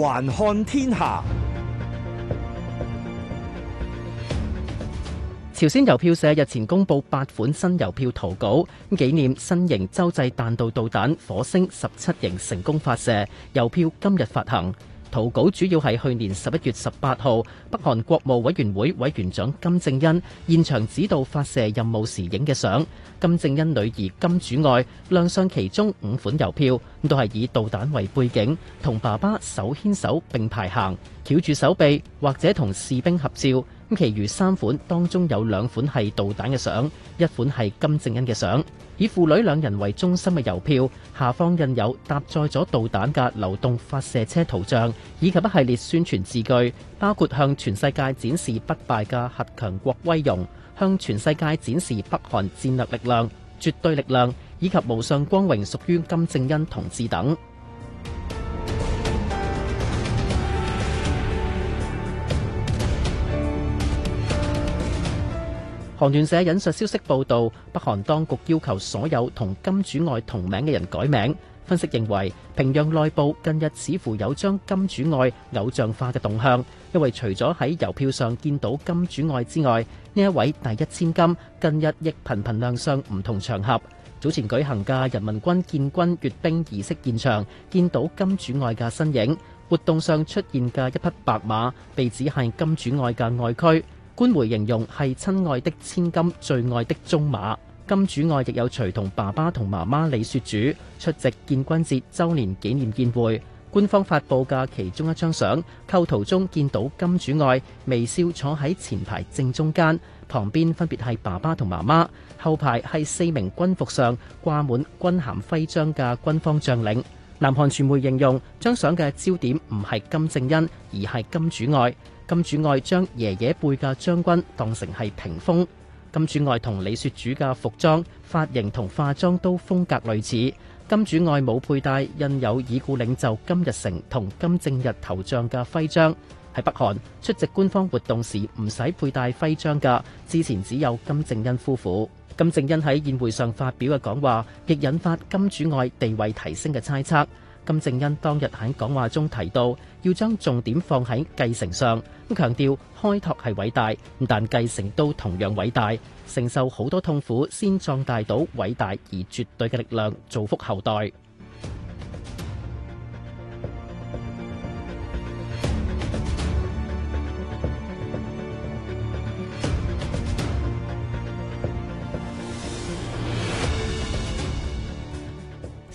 環看天下，朝鮮郵票社日前公布八款新郵票圖稿，紀念新型洲際彈道導彈“火星十七型”成功發射。郵票今日發行。圖稿主要係去年十一月十八號北韓國務委員會委員長金正恩現場指導發射任務時影嘅相。金正恩女兒金主愛亮相其中五款郵票，都係以導彈為背景，同爸爸手牽手並排行，翹住手臂或者同士兵合照。咁，其餘三款當中有兩款係導彈嘅相，一款係金正恩嘅相，以父女兩人為中心嘅郵票下方印有搭載咗導彈嘅流動發射車圖像，以及一系列宣傳字句，包括向全世界展示不敗嘅核強國威容，向全世界展示北韓戰略力量絕對力量，以及無上光榮屬於金正恩同志等。韓聯社引述消息報道，北韓當局要求所有同金主愛同名嘅人改名。分析認為平壤內部近日似乎有將金主愛偶像化嘅動向，因為除咗喺郵票上見到金主愛之外，呢位第一千金近日亦頻頻亮相唔同場合。早前舉行嘅人民軍建軍閱兵儀式現場，見到金主愛嘅身影。活動上出現嘅一匹白馬被指係金主愛嘅愛駒。官媒形容係親愛的千金、最愛的中馬。金主愛亦有隨同爸爸同媽媽李雪主出席建軍節周年紀念宴會。官方發布嘅其中一張相，構圖中見到金主愛微笑坐喺前排正中間，旁邊分別係爸爸同媽媽，後排係四名軍服上掛滿軍銜徽章嘅軍方將領。南韓傳媒形容張相嘅焦點唔係金正恩，而係金主愛。金主愛將爺爺輩嘅將軍當成係屏風。金主愛同李雪主嘅服裝、髮型同化妝都風格類似。金主愛冇佩戴印有已故領袖金日成同金正日頭像嘅徽章。喺北韓出席官方活動時唔使佩戴徽章㗎，之前只有金正恩夫婦。金正恩喺宴會上發表嘅講話，亦引發金主愛地位提升嘅猜測。金正恩當日喺講話中提到，要將重點放喺繼承上，咁強調開拓係偉大，但繼承都同樣偉大，承受好多痛苦先壯大到偉大而絕對嘅力量，造福後代。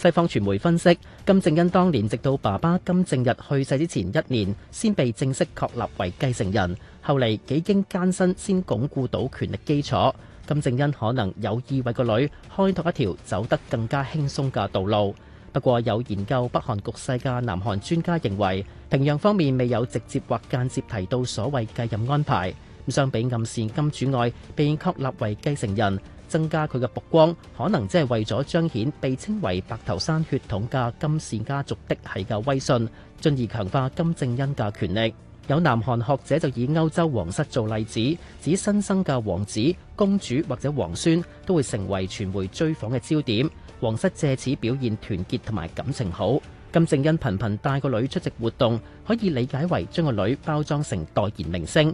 西方傳媒分析，金正恩當年直到爸爸金正日去世之前一年，先被正式確立為繼承人。後嚟幾經艱辛，先鞏固到權力基礎。金正恩可能有意為個女開拓一條走得更加輕鬆嘅道路。不過，有研究北韓局勢嘅南韓專家認為，平壤方面未有直接或間接提到所謂繼任安排。咁相比暗示金主愛被確立為繼承人，增加佢嘅曝光，可能即係為咗彰顯被稱為白頭山血統嘅金氏家族嫡系嘅威信，進而強化金正恩嘅權力。有南韓學者就以歐洲皇室做例子，指新生嘅王子、公主或者皇孫都會成為傳媒追訪嘅焦點。皇室借此表現團結同埋感情好。金正恩頻頻帶個女出席活動，可以理解為將個女包裝成代言明星。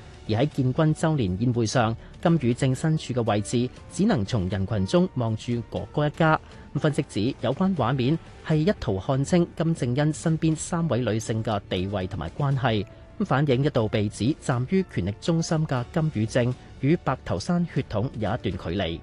而喺建軍周年宴會上，金與正身處嘅位置，只能從人群中望住哥哥一家。分析指，有關畫面係一圖看清金正恩身邊三位女性嘅地位同埋關係，反映一度被指站於權力中心嘅金與正與白頭山血統有一段距離。